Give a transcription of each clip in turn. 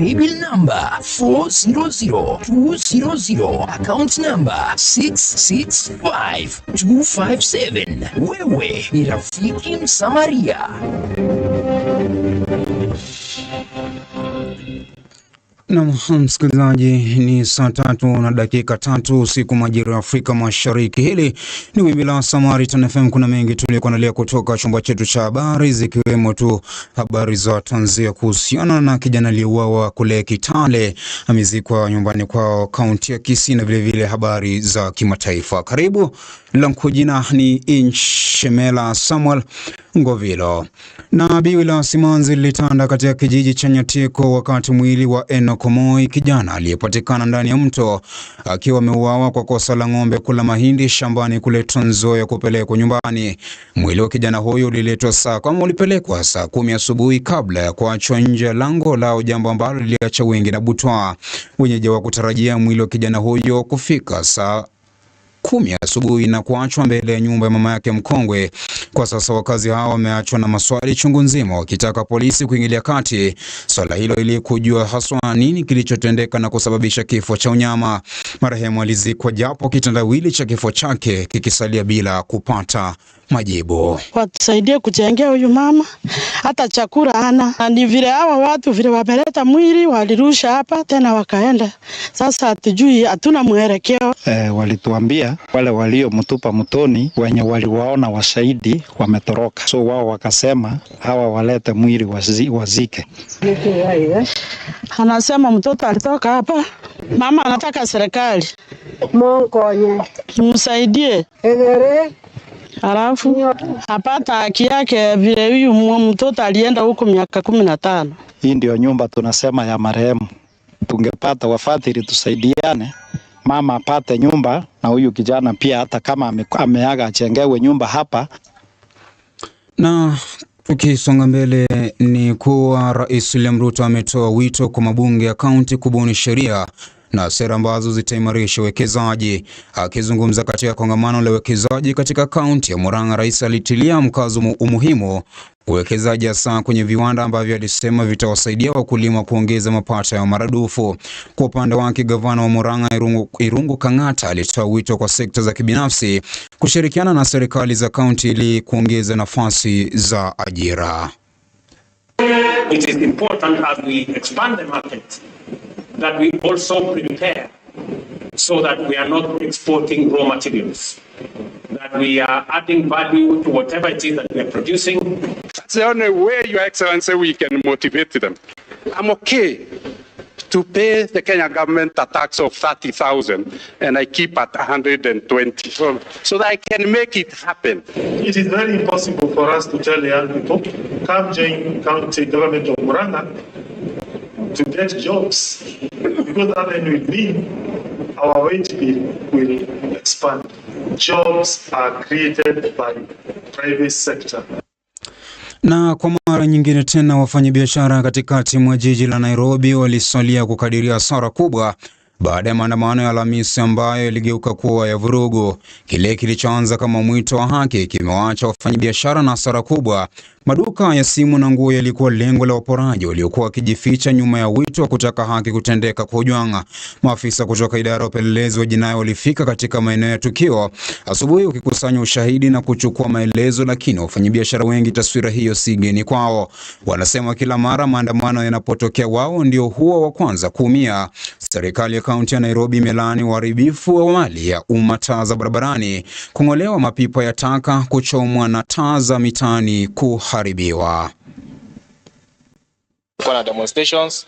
paybill number 400200 account number 665257 wewe ni rafiki msamaria na msikilizaji, ni saa tatu na dakika tatu usiku majira ya Afrika Mashariki. Hili ni wimbi la Samaritan FM. Kuna mengi tuliokuandalia kutoka chumba chetu cha habari, zikiwemo tu habari za tanzia kuhusiana na kijana aliyeuawa kule Kitale, amezikwa nyumbani kwao kaunti ya Kisii, na vilevile habari za kimataifa. Karibu, langu jina ni Inch Shemela Samuel. Ngovilo. Na biwi la simanzi lilitanda katika kijiji cha Nyatiko wakati mwili wa Enock Moi, kijana aliyepatikana ndani ya mto akiwa ameuawa kwa kosa la ng'ombe kula mahindi shambani kule Trans Nzoia kupelekwa nyumbani. Mwili wa kijana huyo uliletwa saa kama ulipelekwa saa kumi asubuhi kabla ya kuachwa nje ya lango lao, jambo ambalo liliacha wengi na butwaa. Wenyeji wa kutarajia mwili wa kijana huyo kufika saa kumi asubuhi na kuachwa mbele ya nyumba ya mama yake mkongwe. Kwa sasa wakazi hao wameachwa na maswali chungu nzima, wakitaka polisi kuingilia kati swala hilo ili kujua haswa nini kilichotendeka na kusababisha kifo cha unyama. Marehemu alizikwa japo kitandawili cha kifo chake kikisalia bila kupata majibu. Watusaidie kuchengia huyu mama, hata chakula hana. Ni vile hawa watu vile wameleta mwili walirusha hapa tena wakaenda. Sasa hatujui, hatuna mwelekeo. Eh, walituambia wale waliomtupa mtoni wenye waliwaona washaidi wametoroka, so wao wakasema hawa walete mwili wazi, wazike. Anasema mtoto alitoka hapa. Mama anataka serikali mongonye msaidie alafu hapata haki yake, vile huyu mtoto alienda huko miaka kumi na tano. Hii ndio nyumba tunasema ya marehemu. Tungepata wafadhili tusaidiane, mama apate nyumba na huyu kijana pia, hata kama ameaga achengewe nyumba hapa na Tukisonga mbele ni kuwa Rais William Ruto ametoa wito kwa mabunge ya kaunti kubuni sheria na sera ambazo zitaimarisha uwekezaji. Akizungumza katika kongamano la uwekezaji katika kaunti ya Murang'a, rais alitilia mkazo umuhimu uwekezaji hasa kwenye viwanda ambavyo alisema vitawasaidia wakulima kuongeza mapato ya maradufu. Kwa upande wake, gavana wa Murang'a Irungu, Irungu Kang'ata alitoa wito kwa sekta za kibinafsi kushirikiana na serikali za kaunti ili kuongeza nafasi za ajira. It is important as we expand the market. that we also prepare so that we are not exporting raw materials, that we are adding value to whatever it is that we are producing. That's the only way, Your Excellency, we can motivate them. I'm okay to pay the Kenya government a tax of 30,000 and I keep at 120 so, that I can make it happen. It is very impossible for us to tell young people, come join county government of Murang'a to get jobs because that then will mean our wage bill will expand. Jobs are created by private sector. Na kwa mara nyingine tena wafanyabiashara katikati mwa jiji la Nairobi walisalia kukadiria hasara kubwa baada ya maandamano ya Alhamisi ambayo iligeuka kuwa ya vurugu. Kile kilichoanza kama mwito wa haki kimewaacha wafanyabiashara na hasara kubwa Maduka ya simu na nguo yalikuwa lengo la waporaji waliokuwa wakijificha nyuma ya wito wa kutaka haki kutendeka kwa ujwanga Maafisa kutoka idara ya upelelezi wa jinai walifika katika maeneo ya tukio asubuhi, wakikusanya ushahidi na kuchukua maelezo, lakini wafanyabiashara wengi, taswira hiyo si geni kwao. Wanasema kila mara maandamano yanapotokea, wao ndio huwa wa kwanza kuumia. Serikali ya kaunti ya Nairobi imelaani uharibifu wa mali ya umma, taa za barabarani kung'olewa, mapipa ya taka kuchomwa na taa za mitaani ku kuharibiwa. Kuna demonstrations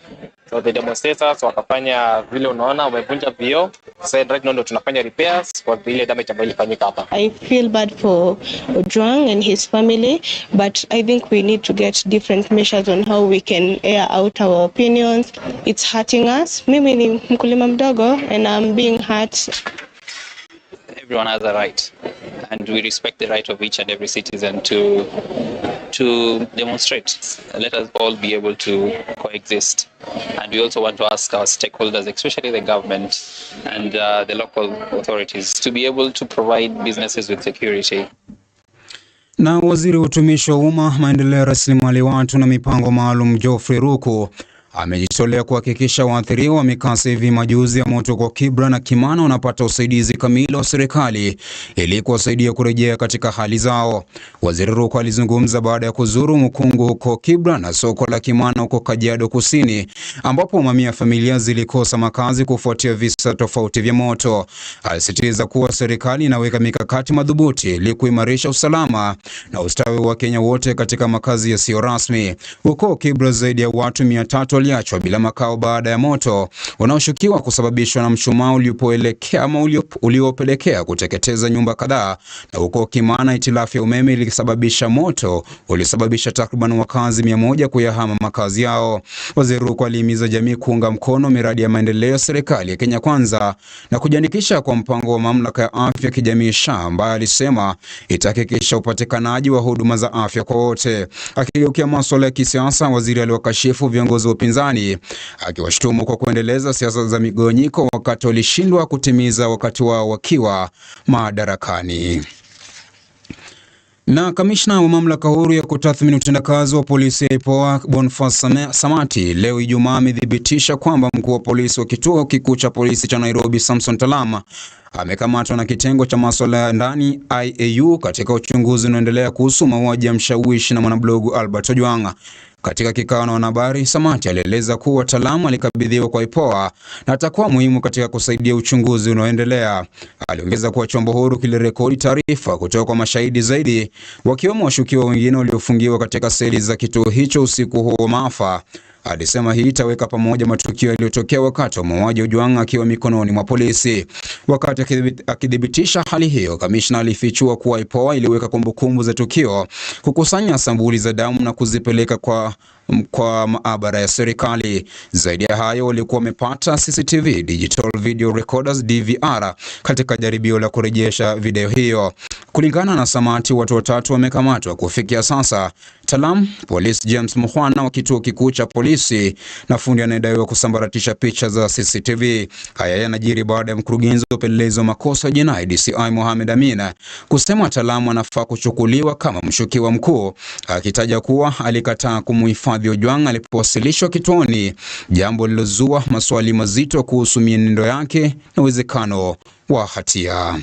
so the demonstrators wakafanya vile, unaona wamevunja vio said right now ndo tunafanya repairs kwa vile damage ambayo ilifanyika hapa. I feel bad for Ojwang and his family but I think we need to get different measures on how we can air out our opinions. It's hurting us. Mimi ni mkulima mdogo and I'm being hurt. Everyone has a right and we respect the right of each and every citizen to to demonstrate. Let us all be able to coexist. And we also want to ask our stakeholders, especially the government and uh, the local authorities, to be able to provide businesses with security. Na waziri wa utumishi wa umma, maendeleo ya rasilimali watu na mipango maalum Geoffrey Ruku amejitolea kuhakikisha waathiriwa wa mikasa hivi majuzi ya moto kwa Kibra na Kimana wanapata usaidizi kamili wa serikali ili kuwasaidia kurejea katika hali zao. Waziri Ruku alizungumza baada ya kuzuru mkungu huko Kibra na soko la Kimana huko Kajiado Kusini, ambapo mamia familia zilikosa makazi kufuatia visa tofauti vya moto. Alisitiza kuwa serikali inaweka mikakati madhubuti ili kuimarisha usalama na ustawi wa Kenya wote katika makazi yasiyo rasmi. Huko Kibra zaidi ya watu 300 waliachwa bila makao baada ya moto unaoshukiwa kusababishwa na mshumaa uliopoelekea ama uliopelekea kuteketeza nyumba kadhaa, na huko Kimana itilafu ya umeme ilisababisha moto uliosababisha takriban wakazi mia moja kuyahama makazi yao. Waziri Ruku alihimiza jamii kuunga mkono miradi ya maendeleo ya serikali ya Kenya Kwanza na kujiandikisha kwa mpango wa mamlaka ya afya kijamii SHA, ambayo alisema itahakikisha upatikanaji wa huduma za afya kwa wote. Akigeukia masuala ya kisiasa, waziri aliwakashifu viongozi wa upinzani upinzani akiwashutumu kwa kuendeleza siasa za migawanyiko wakati walishindwa kutimiza wakati wao wakiwa madarakani. Na kamishna wa mamlaka huru ya kutathmini utendakazi wa polisi IPOA Boniface Samati leo Ijumaa amethibitisha kwamba mkuu wa polisi wa kituo kikuu cha polisi cha Nairobi Samson Talama amekamatwa na kitengo cha masuala ya ndani IAU katika uchunguzi unaoendelea kuhusu mauaji ya mshawishi na mwanablogu Albert Ojwanga. Katika kikao na wanahabari, Samatta alieleza kuwa wataalamu alikabidhiwa kwa IPOA na atakuwa muhimu katika kusaidia uchunguzi unaoendelea. Aliongeza kuwa chombo huru kilirekodi taarifa kutoka kwa mashahidi zaidi, wakiwemo washukiwa wengine waliofungiwa katika seli za kituo hicho usiku huo wa maafa alisema hii itaweka pamoja matukio yaliyotokea wakati wa mauaji Ojwang akiwa mikononi mwa polisi. Wakati akithibitisha hali hiyo, kamishna alifichua kuwa IPOA iliweka kumbukumbu za tukio, kukusanya sampuli za damu na kuzipeleka kwa kwa maabara ya serikali. Zaidi ya hayo, walikuwa wamepata CCTV digital video recorders DVR katika jaribio la kurejesha video hiyo. Kulingana na Samati, watu watatu wamekamatwa kufikia sasa. Talam polisi James Mukhwana wa kituo kikuu cha polisi na fundi anayedaiwa kusambaratisha picha za CCTV. Haya yanajiri baada ya mkurugenzi wa upelelezi wa makosa ya jinai DCI Mohamed Amina kusema Talam anafaa kuchukuliwa kama mshukiwa mkuu, akitaja kuwa alikataa kumhifadhi Mathavi Ojwang alipowasilishwa kituoni, jambo lilozua maswali mazito kuhusu mienendo yake na uwezekano wa hatia.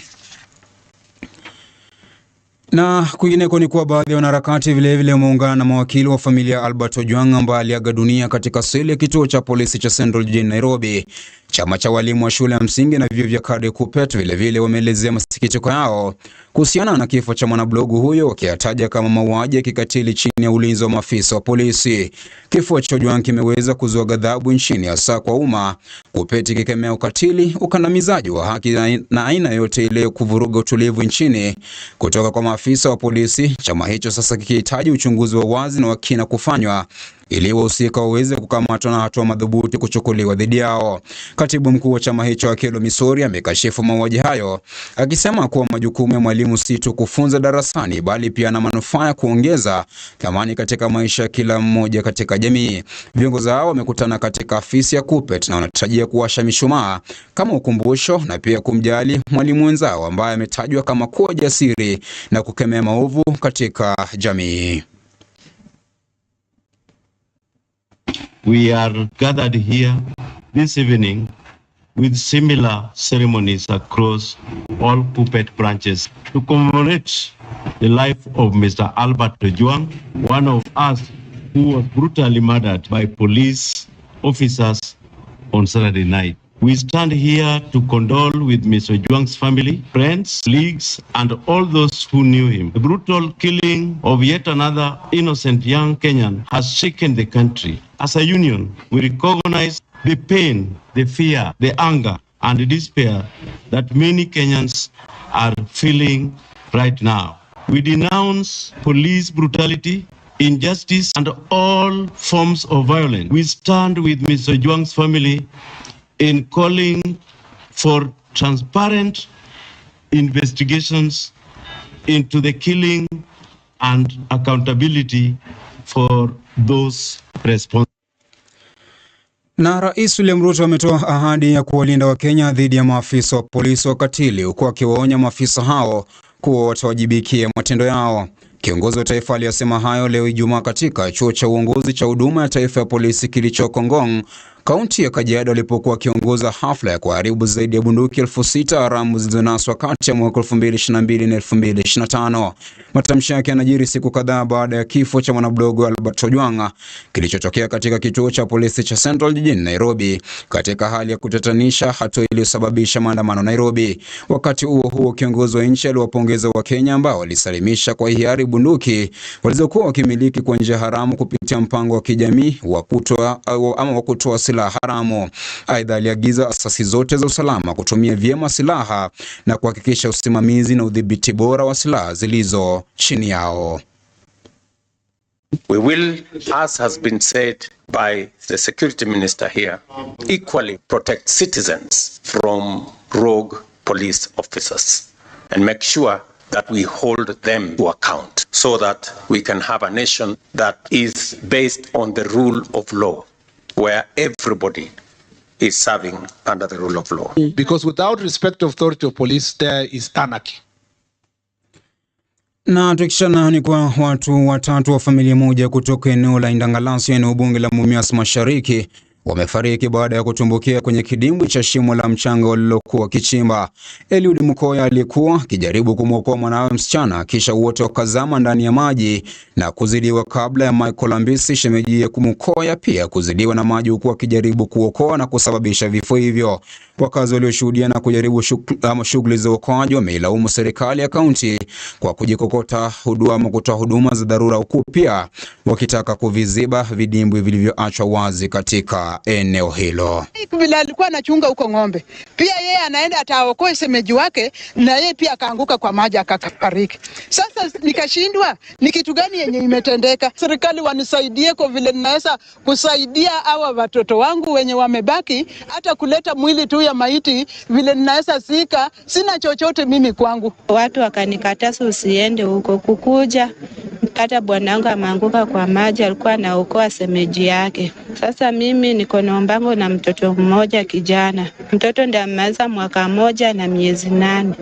Na kwingineko ni kuwa baadhi ya wanaharakati vilevile wameungana na mawakili wa familia Albert Ojwang ambaye aliaga dunia katika seli ya kituo cha polisi cha Central jijini Nairobi. Chama cha walimu wa shule ya msingi na vyuo vya Kadhi Kuppet vilevile wameelezea masikitiko yao kuhusiana na kifo cha mwanablogu huyo wakiataja kama mauaji ya kikatili chini ya ulinzi wa maafisa wa polisi. Kifo cha Ojwang kimeweza kuzua ghadhabu nchini, hasa kwa umma, Kupeti kikemea ukatili, ukandamizaji wa haki na aina yote ile kuvuruga utulivu nchini kutoka kwa maafisa wa polisi. Chama hicho sasa kikihitaji uchunguzi wa wazi na wa kina kufanywa ili wahusika waweze kukamatwa na hatua madhubuti kuchukuliwa dhidi yao. Katibu mkuu wa chama hicho Akelo Misori amekashifu mauaji hayo akisema kuwa majukumu ya mwalimu si tu kufunza darasani, bali pia na manufaa ya kuongeza thamani katika maisha ya kila mmoja katika jamii. Viongozi hao wamekutana katika afisi ya Kupet na wanatarajia kuwasha mishumaa kama ukumbusho na pia kumjali mwalimu mwenzao ambaye ametajwa kama kuwa jasiri na kukemea maovu katika jamii. we are gathered here this evening with similar ceremonies across all puppet branches to commemorate the life of Mr. Albert Juang, one of us who was brutally murdered by police officers on Saturday night. We stand here to condole with Mr. Juang's family, friends, leagues, and all those who knew him. The brutal killing of yet another innocent young Kenyan has shaken the country. As a union, we recognize the pain, the fear, the anger, and the despair that many Kenyans are feeling right now. We denounce police brutality, injustice, and all forms of violence. We stand with Mr. Juang's family in calling for transparent investigations into the killing and accountability for those responsible. Na Rais William Ruto ametoa ahadi ya kuwalinda Wakenya dhidi ya maafisa wa polisi wakatili, huku akiwaonya maafisa hao kuwa watawajibikia matendo yao. Kiongozi wa taifa aliyosema hayo leo Ijumaa katika chuo cha uongozi cha huduma ya taifa ya polisi kilichoko Ngong Kaunti ya Kajiado alipokuwa akiongoza hafla ya kuharibu zaidi ya bunduki elfu sita haramu zilizonaswa kati ya mwaka 2022 na 2025. Matamshi yake yanajiri siku kadhaa baada ya kifo cha mwanablogu Albert Ojwanga kilichotokea katika kituo cha polisi cha Central jijini Nairobi, katika hali ya kutatanisha, hatua iliyosababisha maandamano Nairobi. Wakati huo huo, kiongozi wa nchi aliwapongeza Wakenya ambao walisalimisha kwa hiari bunduki walizokuwa wakimiliki kwa njia haramu kupitia mpango wa kijamii wa kutoa ama wa kutoa silaha la haramu. Aidha, aliagiza asasi zote za usalama kutumia vyema silaha na kuhakikisha usimamizi na udhibiti bora wa silaha zilizo chini yao. We will, as has been said by the security minister here, equally protect citizens from rogue police officers and make sure that we hold them to account so that we can have a nation that is based on the rule of law where everybody is serving under the rule of law. Because without respect of authority of police, there is anarchy. Na tukishana ni kwa watu watatu wa familia moja kutoka eneo la Indangalansi, eneo bunge la Mumias Mashariki wamefariki baada ya kutumbukia kwenye kidimbwi cha shimo la mchanga walilokuwa wakichimba. Eliud Mukoya alikuwa akijaribu kumwokoa mwanawe msichana, kisha wote wakazama ndani ya maji na kuzidiwa kabla ya Michael Ambisi, shemeji ya pia kuzidiwa na maji huku akijaribu kuokoa na kusababisha vifo hivyo. Wakazi walioshuhudia na kujaribu shughuli za uokoaji wameilaumu serikali ya kaunti kwa kujikokota huduma kutoa huduma za dharura, huku pia wakitaka kuviziba vidimbwi vilivyoachwa wazi katika eneo hilo. Vile alikuwa anachunga huko ng'ombe, pia yeye anaenda ataokoe semeji wake, na yeye pia akaanguka kwa maji akafariki. Sasa nikashindwa ni kitu gani yenye imetendeka. Serikali wanisaidie kwa vile ninaweza kusaidia hawa watoto wangu wenye wamebaki, hata kuleta mwili tu ya maiti vile ninaweza sika, Sina chochote mimi kwangu. Watu wakanikataza usiende huko kukuja hata bwanangu ameanguka kwa maji, alikuwa anaokoa semeji yake. Sasa mimi niko Nombango na mtoto mmoja kijana. Mtoto ndiye ameanza mwaka moja na miezi nane.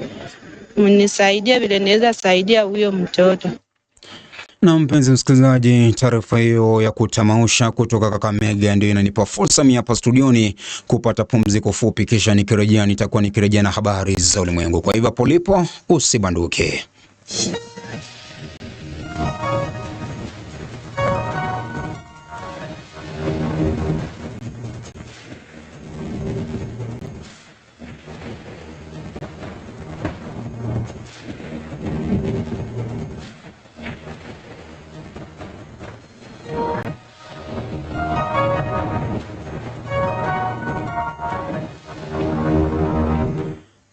Mnisaidie vile naweza saidia huyo mtoto. Na mpenzi msikilizaji, taarifa hiyo ya kutamausha kutoka Kakamega ndio inanipa fursa mimi hapa studioni kupata pumziko fupi, kisha nikirejea nitakuwa nikirejea na habari za ulimwengu. Kwa hivyo polipo usibanduke.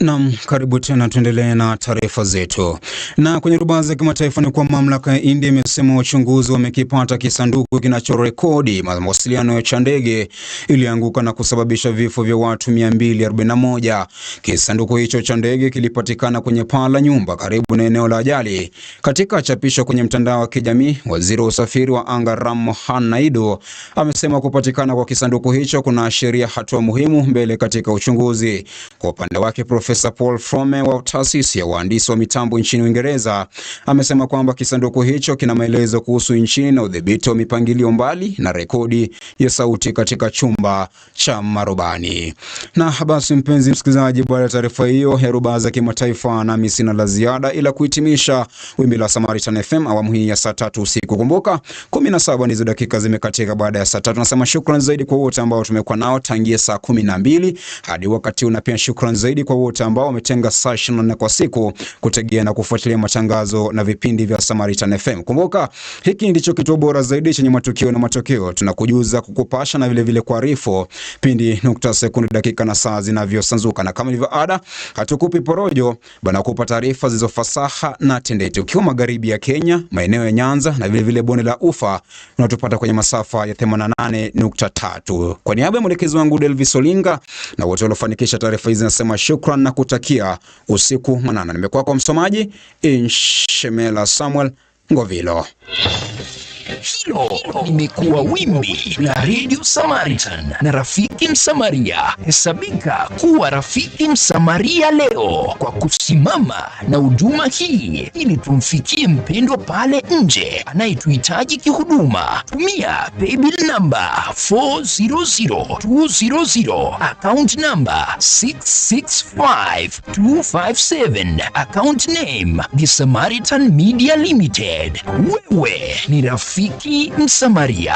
Nam, karibu tena, tuendelee na taarifa zetu. Na kwenye rubaza za kimataifa ni kuwa mamlaka ya India imesema wachunguzi wamekipata kisanduku kinachorekodi mawasiliano cha ndege ilianguka na kusababisha vifo vya watu 241. Kisanduku hicho cha ndege kilipatikana kwenye paa la nyumba karibu na eneo la ajali. Katika chapisho kwenye mtandao wa kijamii, waziri wa usafiri wa anga Ram Mohan Naidu amesema kupatikana kwa kisanduku hicho kunaashiria hatua muhimu mbele katika uchunguzi. Kwa upande wake Profesa Profesa Paul Frome wa taasisi ya wahandisi wa mitambo nchini Uingereza amesema kwamba kisanduku hicho kina maelezo kuhusu injini na udhibiti wa mipangilio mbali na rekodi ya sauti katika chumba cha marubani. Na basi, mpenzi msikilizaji, baada ya taarifa hiyo ya rubaa za kimataifa, nami sina la ziada ila kuhitimisha wimbi la Samaritan FM awamu hii ya saa tatu usiku. Kumbuka 17 ndizo dakika zimekatika baada ya saa tatu. Nasema shukrani zaidi kwa wote ambao tumekuwa nao tangia saa 12 hadi wakati huu, na pia shukrani zaidi kwa wote wote ambao wametenga saa 24 kwa siku kutegea na kufuatilia matangazo na vipindi vya Samaritan FM. Kumbuka hiki ndicho kituo bora zaidi chenye matukio na matokeo, tunakujuza kukupasha na vilevile kuarifu pindi nukta sekunde dakika na saa zinavyosanzuka, na kama ilivyo ada, hatukupi porojo bana, kupa taarifa zilizofasaha na tendeti. Ukiwa magharibi ya Kenya, maeneo ya Nyanza na vilevile vile bonde la Ufa, unatupata kwenye masafa ya 88.3. Kwa niaba ya mwelekezi wangu Delvis Olinga na wote waliofanikisha taarifa hizi, nasema shukran na kutakia usiku mwanana. Nimekuwa kwa msomaji Inshemela Samuel Ngovilo. Hilo limekuwa wimbi la Radio Samaritan na Rafiki Msamaria. Hesabika kuwa Rafiki Msamaria leo kwa kusimama na huduma hii, ili tumfikie mpendwa pale nje anayetuhitaji kihuduma. Tumia paybill namba 400200, account namba 665257, account name The Samaritan Media Limited. Wewe ni rafiki fique em Samaria.